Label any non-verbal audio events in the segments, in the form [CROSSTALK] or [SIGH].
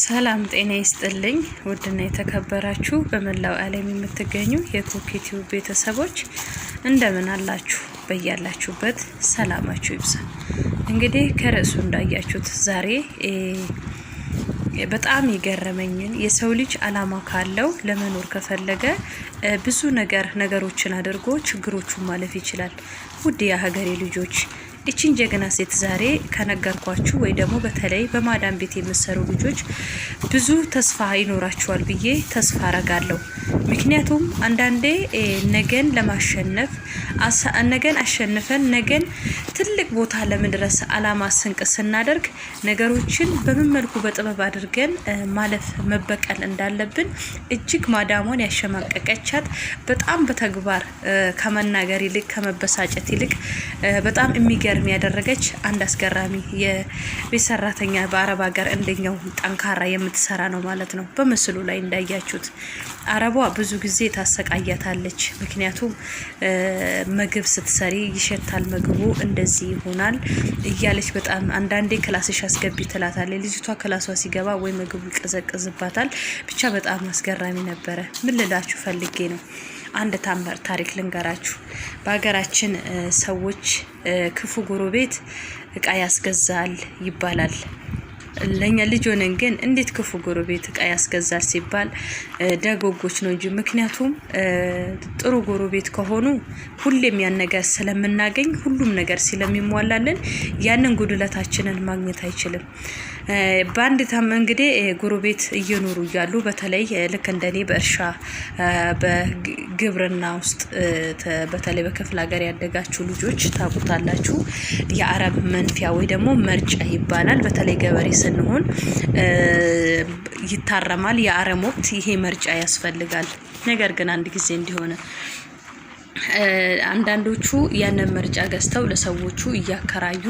ሰላም ጤና ይስጥልኝ። ውድና የተከበራችሁ በመላው ዓለም የምትገኙ የኮኬቲው ቤተሰቦች እንደምን አላችሁ? በያላችሁበት ሰላማችሁ ይብዛ። እንግዲህ ከርዕሱ እንዳያችሁት ዛሬ በጣም የገረመኝን የሰው ልጅ አላማ ካለው ለመኖር ከፈለገ ብዙ ነገር ነገሮችን አድርጎ ችግሮቹን ማለፍ ይችላል። ውድ የሀገሬ ልጆች እችን ጀግና ሴት ዛሬ ከነገርኳችሁ ወይ ደግሞ በተለይ በማዳም ቤት የምሰሩ ልጆች ብዙ ተስፋ ይኖራችኋል ብዬ ተስፋ አረጋለሁ። ምክንያቱም አንዳንዴ ነገን ለማሸነፍ ነገን አሸንፈን ነገን ትልቅ ቦታ ለመድረስ አላማ ስንቅ ስናደርግ ነገሮችን በምን መልኩ በጥበብ አድርገን ማለፍ መበቀል እንዳለብን እጅግ ማዳሟን ያሸማቀቀቻት በጣም በተግባር ከመናገር ይልቅ ከመበሳጨት ይልቅ በጣም የሚገርም ያደረገች አንድ አስገራሚ የቤት ሰራተኛ በአረብ ሀገር እንደኛው ጠንካራ የምትሰራ ነው ማለት ነው። በምስሉ ላይ እንዳያችሁት አረብ ሀሳቧ ብዙ ጊዜ ታሰቃያታለች። ምክንያቱም ምግብ ስትሰሪ ይሸታል፣ ምግቡ እንደዚህ ይሆናል እያለች በጣም አንዳንዴ ክላስሽ አስገቢ ትላታለች። ልጅቷ ክላሷ ሲገባ ወይ ምግቡ ይቀዘቅዝባታል። ብቻ በጣም አስገራሚ ነበረ። ምን ልላችሁ ፈልጌ ነው አንድ ታምር ታሪክ ልንገራችሁ። በሀገራችን ሰዎች ክፉ ጎረቤት እቃ ያስገዛል ይባላል። ለኛ ልጅ ሆነን ግን እንዴት ክፉ ጎረቤት እቃ ያስገዛል ሲባል ደጎጎች ነው እንጂ። ምክንያቱም ጥሩ ጎረቤት ከሆኑ ሁሌም ያን ነገር ስለምናገኝ ሁሉም ነገር ስለሚሟላልን ያንን ጉድለታችንን ማግኘት አይችልም። በአንድ ታም እንግዲህ ጎረቤት እየኖሩ እያሉ በተለይ ልክ እንደኔ በእርሻ በግብርና ውስጥ በተለይ በክፍለ ሀገር ያደጋችሁ ልጆች ታውቁታላችሁ። የአረብ መንፊያ ወይ ደግሞ መርጫ ይባላል። በተለይ ገበሬ ስንሆን ይታረማል። የአረም ወቅት ይሄ መርጫ ያስፈልጋል። ነገር ግን አንድ ጊዜ እንዲሆነ አንዳንዶቹ ያንን መርጫ ገዝተው ለሰዎቹ እያከራዩ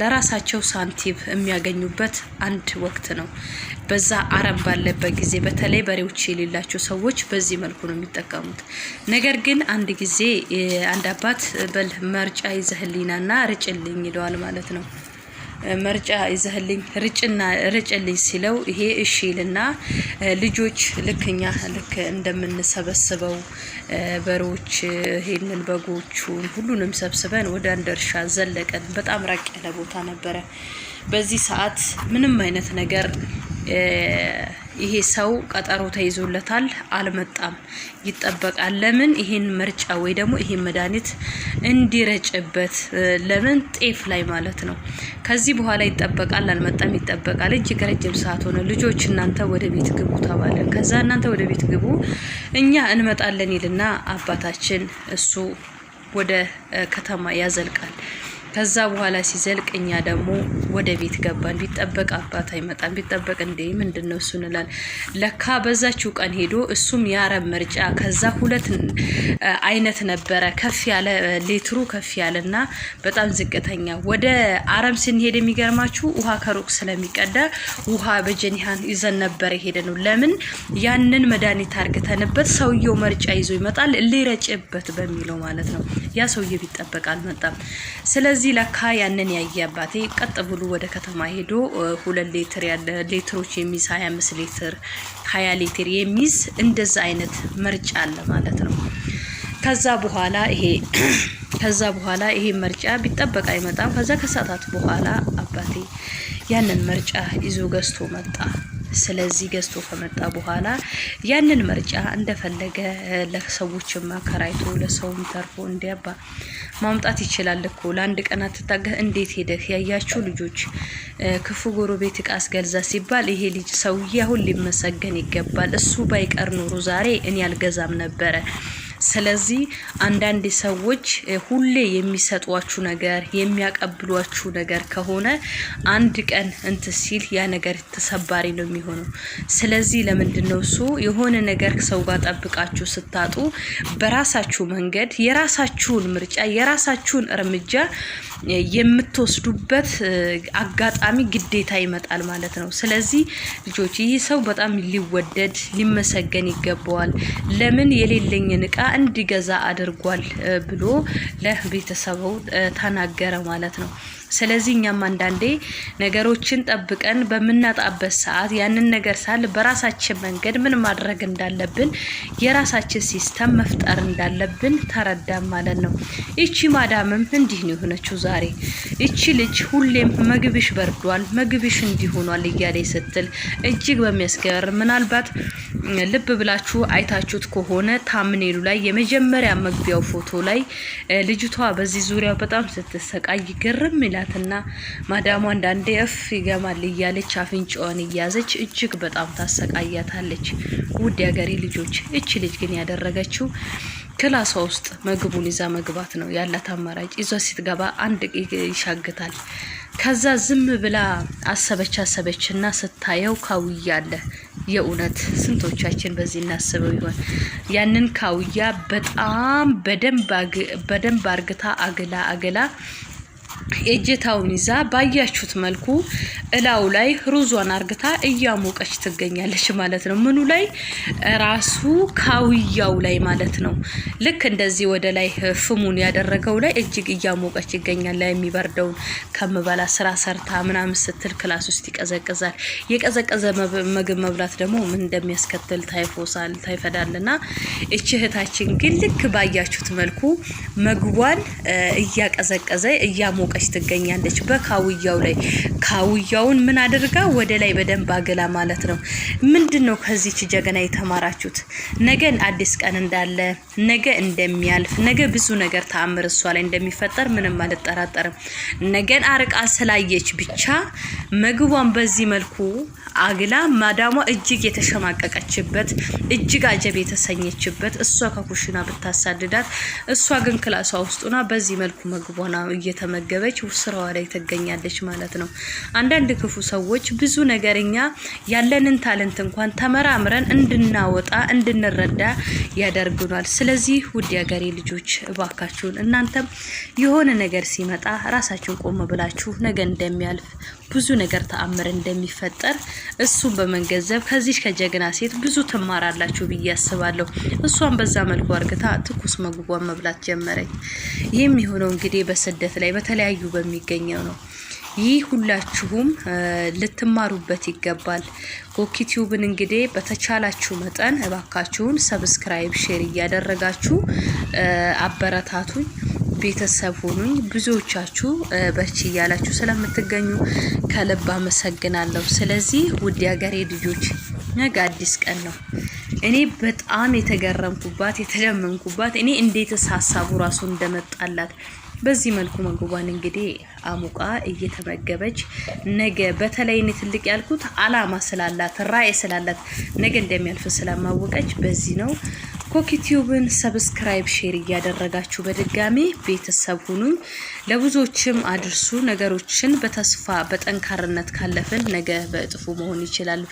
ለራሳቸው ሳንቲም የሚያገኙበት አንድ ወቅት ነው። በዛ አረም ባለበት ጊዜ በተለይ በሬዎች የሌላቸው ሰዎች በዚህ መልኩ ነው የሚጠቀሙት። ነገር ግን አንድ ጊዜ አንድ አባት በል መርጫ ይዘህልኝና ርጭልኝ ይለዋል ማለት ነው። መርጫ ይዘህልኝ ርጭና ርጭልኝ ሲለው ይሄ እሺ ይልና ልጆች ልክኛ ልክ እንደምንሰበስበው በሮች ይሄንን በጎቹን ሁሉንም ሰብስበን ወደ አንድ እርሻ ዘለቀን። በጣም ራቅ ያለ ቦታ ነበረ። በዚህ ሰዓት ምንም አይነት ነገር ይሄ ሰው ቀጠሮ ተይዞለታል፣ አልመጣም፣ ይጠበቃል። ለምን ይሄን መርጫ ወይ ደግሞ ይሄን መድኃኒት እንዲረጭበት ለምን ጤፍ ላይ ማለት ነው። ከዚህ በኋላ ይጠበቃል፣ አልመጣም፣ ይጠበቃል። እጅግ ረጅም ሰዓት ሆነ። ልጆች እናንተ ወደ ቤት ግቡ ተባለ። ከዛ እናንተ ወደ ቤት ግቡ፣ እኛ እንመጣለን ይልና አባታችን እሱ ወደ ከተማ ያዘልቃል። ከዛ በኋላ ሲዘልቅ እኛ ደግሞ ወደ ቤት ገባን። ቢጠበቅ አባት አይመጣም፣ ቢጠበቅ እንዴ ምንድን ነው እሱ እንላል። ለካ በዛችው ቀን ሄዶ እሱም የአረብ ምርጫ ከዛ ሁለት አይነት ነበረ፣ ከፍ ያለ ሌትሩ ከፍ ያለና በጣም ዝቅተኛ። ወደ አረብ ስንሄድ የሚገርማችሁ ውሃ ከሩቅ ስለሚቀዳ ውሃ በጀኒሃን ይዘን ነበረ ሄደ ነው። ለምን ያንን መድኃኒት አርግተንበት ሰውየው መርጫ ይዞ ይመጣል ሊረጭበት በሚለው ማለት ነው። ያ ሰውየ ቢጠበቅ አልመጣም። ስለዚህ ለካ ያንን ያየ አባቴ ቀጥ ብሎ በሙሉ ወደ ከተማ ሄዶ ሁለት ሊትር ያለ ሊትሮች የሚይዝ 25 ሊትር 20 ሊትር የሚይዝ እንደዛ አይነት መርጫ አለ ማለት ነው። ከዛ በኋላ ይሄ [CLEARS THROAT] ከዛ በኋላ ይሄ መርጫ ቢጠበቅ አይመጣም። ከዛ ከሰዓታት በኋላ አባቴ ያንን መርጫ ይዞ ገዝቶ መጣ። ስለዚህ ገዝቶ ከመጣ በኋላ ያንን መርጫ እንደፈለገ ለሰዎችም አከራይቶ ለሰውም ተርፎ እንዲያባ ማምጣት ይችላል እኮ። ለአንድ ቀን አትታገህ እንዴት ሄደህ ያያችሁ ልጆች፣ ክፉ ጎረቤት እቃ አስገልዛ ሲባል ይሄ ልጅ ሰውዬ አሁን ሊመሰገን ይገባል። እሱ ባይቀር ኖሮ ዛሬ እኔ አልገዛም ነበረ ስለዚህ አንዳንድ ሰዎች ሁሌ የሚሰጧችሁ ነገር የሚያቀብሏችሁ ነገር ከሆነ አንድ ቀን እንት ሲል ያ ነገር ተሰባሪ ነው የሚሆነው። ስለዚህ ለምንድን ነው እሱ የሆነ ነገር ሰው ጋር ጠብቃችሁ ስታጡ በራሳችሁ መንገድ የራሳችሁን ምርጫ የራሳችሁን እርምጃ የምትወስዱበት አጋጣሚ ግዴታ ይመጣል ማለት ነው። ስለዚህ ልጆች ይህ ሰው በጣም ሊወደድ ሊመሰገን ይገባዋል። ለምን የሌለኝን እቃ እንዲገዛ አድርጓል ብሎ ለቤተሰቡ ተናገረ ማለት ነው። ስለዚህ እኛም አንዳንዴ ነገሮችን ጠብቀን በምናጣበት ሰዓት ያንን ነገር ሳል በራሳችን መንገድ ምን ማድረግ እንዳለብን የራሳችን ሲስተም መፍጠር እንዳለብን ተረዳም ማለት ነው። ይቺ ማዳምም እንዲህ ነው የሆነችው ዛሬ። ይቺ ልጅ ሁሌም ምግብሽ በርዷል፣ ምግብሽ እንዲሆኗል እያለ ስትል እጅግ በሚያስገር ምናልባት ልብ ብላችሁ አይታችሁት ከሆነ ታምኔሉ ላይ የመጀመሪያ መግቢያው ፎቶ ላይ ልጅቷ በዚህ ዙሪያው በጣም ስትሰቃይ ግርም ይላል። ናትና ማዳሟ አንዳንዴ እፍ ይገማል እያለች አፍንጫዋን እያዘች እጅግ በጣም ታሰቃያታለች። ውድ ያገሬ ልጆች፣ እች ልጅ ግን ያደረገችው ክላሷ ውስጥ ምግቡን ይዛ መግባት ነው ያላት አማራጭ። ይዟ ስትገባ አንድ ይሻግታል። ከዛ ዝም ብላ አሰበች አሰበች እና ስታየው ካውያ አለ። የእውነት ስንቶቻችን በዚህ እናስበው ይሆን? ያንን ካውያ በጣም በደንብ አርግታ አግላ አግላ እጀታውን ይዛ ባያችሁት መልኩ እላው ላይ ሩዟን አርግታ እያሞቀች ትገኛለች ማለት ነው። ምኑ ላይ ራሱ ካውያው ላይ ማለት ነው። ልክ እንደዚህ ወደ ላይ ፍሙን ያደረገው ላይ እጅግ እያሞቀች ይገኛል። ላይ የሚበርደውን ከምበላ ስራ ሰርታ ምናምን ስትል ክላስ ውስጥ ይቀዘቅዛል። የቀዘቀዘ ምግብ መብላት ደግሞ ምን እንደሚያስከትል ታይፎሳል፣ ታይፈዳል። እና እህታችን ግን ልክ ባያችሁት መልኩ ምግቧን እያቀዘቀዘ እያሞቀ እያሞቀች ትገኛለች በካውያው ላይ። ካውያውን ምን አድርጋ ወደ ላይ በደንብ አገላ ማለት ነው። ምንድን ነው ከዚች ጀግና የተማራችሁት? ነገን አዲስ ቀን እንዳለ ነገ እንደሚያልፍ ነገ ብዙ ነገር ተአምር እሷ ላይ እንደሚፈጠር ምንም አልጠራጠርም። ነገን አርቃ ስላየች ብቻ ምግቧን በዚህ መልኩ አግላ ማዳሟ እጅግ የተሸማቀቀችበት እጅግ አጀብ የተሰኘችበት እሷ ከኩሽና ብታሳድዳት እሷ ግን ክላሷ ውስጡና በዚህ መልኩ ምግቧን እየተመገበ እያነበበች ስራዋ ላይ ትገኛለች ማለት ነው። አንዳንድ ክፉ ሰዎች ብዙ ነገርኛ ያለንን ታለንት እንኳን ተመራምረን እንድናወጣ እንድንረዳ ያደርጉናል። ስለዚህ ውድ ያገሬ ልጆች እባካችሁን እናንተም የሆነ ነገር ሲመጣ ራሳችሁን ቆም ብላችሁ ነገ እንደሚያልፍ ብዙ ነገር ተአምር እንደሚፈጠር እሱን በመገንዘብ ከዚህ ከጀግና ሴት ብዙ ትማራላችሁ ብዬ አስባለሁ። እሷን በዛ መልኩ አርግታ ትኩስ ምግቧን መብላት ጀመረች። ይህም የሆነው እንግዲህ በስደት ላይ በተለያዩ በሚገኘው ነው። ይህ ሁላችሁም ልትማሩበት ይገባል። ኮኪቲዩብን እንግዲህ በተቻላችሁ መጠን እባካችሁን ሰብስክራይብ፣ ሼር እያደረጋችሁ አበረታቱኝ። ቤተሰብ ሆኑኝ። ብዙዎቻችሁ በርቺ እያላችሁ ስለምትገኙ ከልብ አመሰግናለሁ። ስለዚህ ውድ ሀገሬ ልጆች ነገ አዲስ ቀን ነው። እኔ በጣም የተገረምኩባት የተደመምኩባት እኔ እንዴት ሳሳቡ ራሱ እንደመጣላት በዚህ መልኩ ምግቧን እንግዲህ አሙቃ እየተመገበች ነገ በተለይ እኔ ትልቅ ያልኩት አላማ ስላላት ራዕይ ስላላት ነገ እንደሚያልፍ ስላማወቀች በዚህ ነው ኮኪቲዩብን ሰብስክራይብ፣ ሼር እያደረጋችሁ በድጋሚ ቤተሰብ ሁኑኝ፣ ለብዙዎችም አድርሱ። ነገሮችን በተስፋ በጠንካርነት ካለፍን ነገ በእጥፉ መሆን ይችላሉ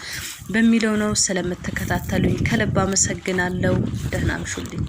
በሚለው ነው። ስለምትከታተሉኝ ከልብ አመሰግናለሁ። ደህና አምሹልኝ።